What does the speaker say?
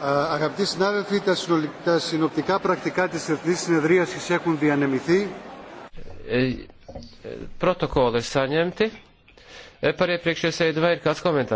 Αγαπητοί συνάδελφοι, τα συνοπτικά πρακτικά της Εθνής Συνεδρίασης έχουν διανεμηθεί. Πρωτοκόλλες θα νιέμπτη. Par iepriekšējo sēdi vai ir kāds komentārs?